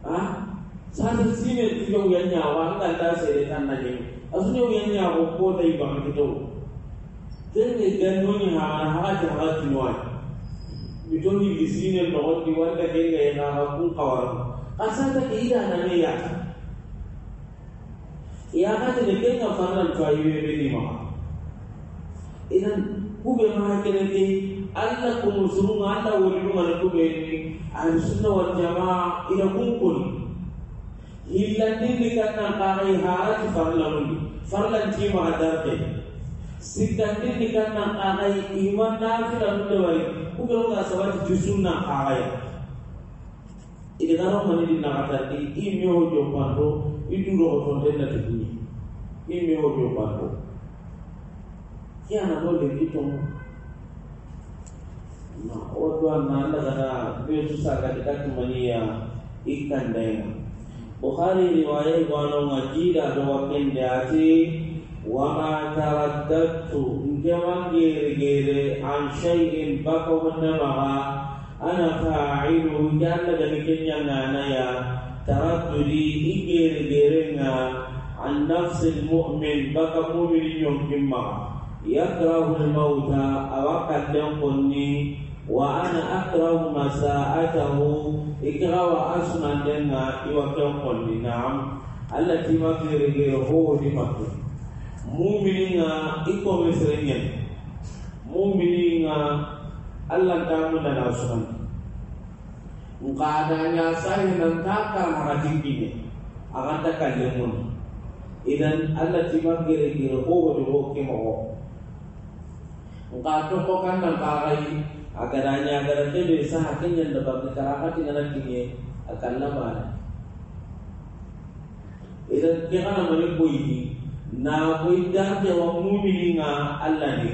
ha sasa sine tiyo ya nya wa anga ta sere ta na ne asunyo ya nya ko ko dai ba kito tenne ganoni ha ha ta ha kinwai mitondi lisine nogondi wanda kenga yana hakun kawaru kasata ke ida na ne ya ya ka ne kenga farnan fayiwe be ni ma idan iya, kube ma kene ke alla kun sunun alla wani ma na kube ni al sunna wal jamaa ida kun kun hillandin ni kanna iya, qari harati farlan farlan ti ma darbe sikkandin ni kanna iya, qari iman na da wari buga nga sabati jusunna haaya ina kana mani na kata i imi hojo pando iduro hotonde na tukuni imi hojo pando kiana dole kitomo na odwa na anda kana besu saka kitatu mani ya ikandaya bukhari riwayat wano ngajira do kende ati Wama taraddadtu Jangan giri-giri An syai'in bako menemaha Ana fa'ilu Jangan ada bikin yang nanaya Taraddudi Giri-giri nga An nafsil mu'min Baka mu'min yung kimmaha Yakrahu al-mawta Awakad yang kunni Wa ana akrahu masa'atahu Ikrawa asman dengan Iwakil kunni na'am Allah timakir Gerhu dimakir mumini nga iko me serenyen mumini nga allah kanu da na sunan ngada nya sai nan ta ka marati ne aga ta idan allah ti ma gere gere ko wani ko ke mawo ngada ko agar nan ka rai aga danya gara te be sa hakin yanda ba ka idan na koy darde wa mumini nga allah ni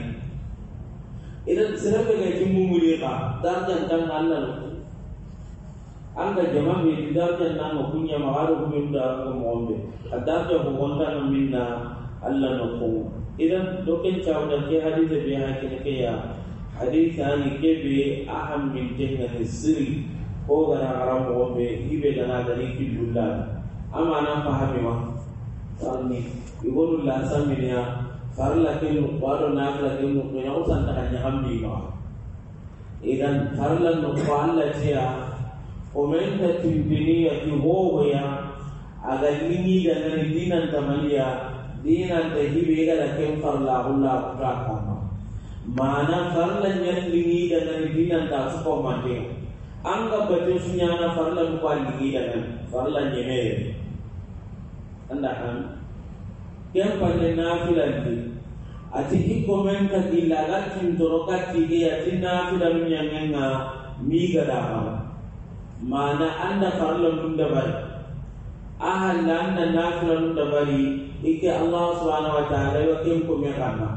idan sirabe ga ki mumini ka darde tan allah an anga jama mi darde na ma kunya ma haru min da ko mombe adarde ko gonta na allah na kuwa idan doken da ke hadithe be hakine ke ya ne ke be aham min tenga siri ko gara bai mombe ibe dana dari kilulla amma nan fahimta. farni igonu lansan miniya farla kenu kwado nafla kenu kunya usan ta hanya hambi ba idan farla no kwalla tiya komenta timbiniya ki wowoya aga lini ga nani dinan tamaliya dinan ta hibe ga da ken farla hulla kuta kama mana farla nyan lini ga nani dinan ta su ko mate an ga batun sunya na farla ko lini ga nani farla nyemere anda ham ken pade nafilanti ati i komen ka gillaga tintoro ka tige ati iya nafilanu ñangenga mana anda farlanun dabari a anda nafilanun dabari ike allah subhanau wa taala iwa ken kome kanna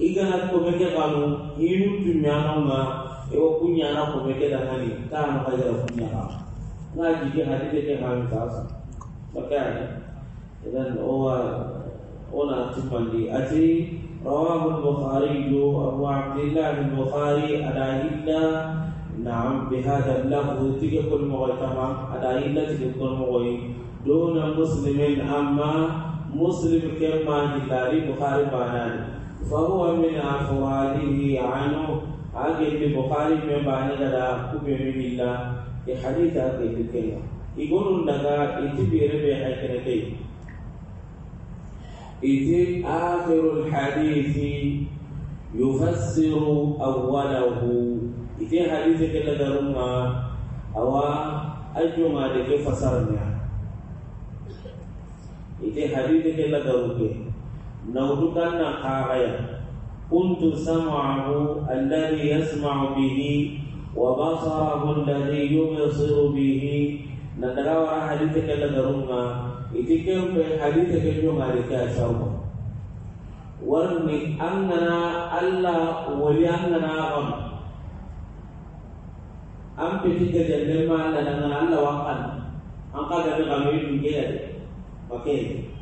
igana kome ke kanu hinu tuñanonga iwa kuñana kome ke dangani taano ke hami sasa dan uwa una tumandi ati rawahu al-bukhari wa abu abdillah al-bukhari ada inna na'am bi hadha al-lafz tiga kul mughaytama ada inna tiga kul mughay duna muslimin amma muslim kemma dikari bukhari banan fa huwa min afwalihi anu age bi bukhari me bani dada ku be bi billah ki hadith ake dikela igonun daga itibere be dai. إذ آخر الحديث يفسر أوله إذ حديث كلا درما أو أجمع لك فسرنا إذ حديث كلا درما نودك نقاغيا كنت سمعه الذي يسمع به وبصره الذي يبصر به nakarawa hadithi kala daruma itikem hadithi kala marika sharma warni angana alla wali angana am am pitika jallema nanana alla waqan angka gabe gabe dingeya pakai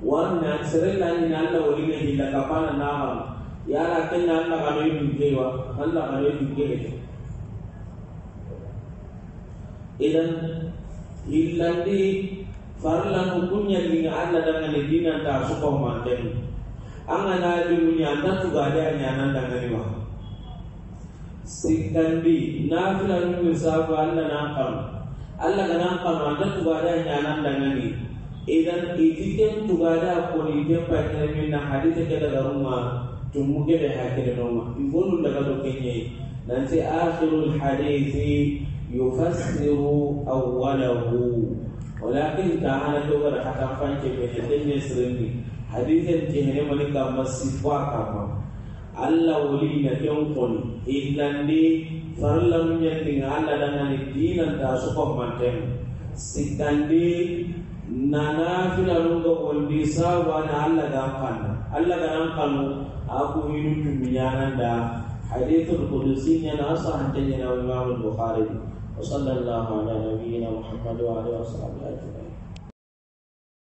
warna serella ni alla wali ne hilla kapana na am yara kenna alla gabe dingewa alla gabe dingeya idan lillandi farlan hukumnya dengan Allah dengan lidinan tak suka manten angan ada dunia anda tu ada nyanan dengan lima sikandi nafilan na Allah nakam Allah kanan kam anda tu ada nyanan dengan ini idan itikem tu ada koni dia pakai minna hadis ke dalam rumah tumuke dah hakir rumah ibonu dalam dokenye nanti akhirul hadisi yufassiru awwalahu walakin kana to kada ka tan fanke be den ne sirri hadithin ti ne mani ka masifa ka ma alla wuli na yon kon ilande farlam ya tin alla dana ni dinan ta su ko manten sikande nana filalu ga wandi sawa na alla da kan alla da nan kan aku hinu tumiyanan da hadithul qudusi ne na sahantanya na imam al-bukhari وصلى الله على نبينا محمد وعلى اصحابه اجمعين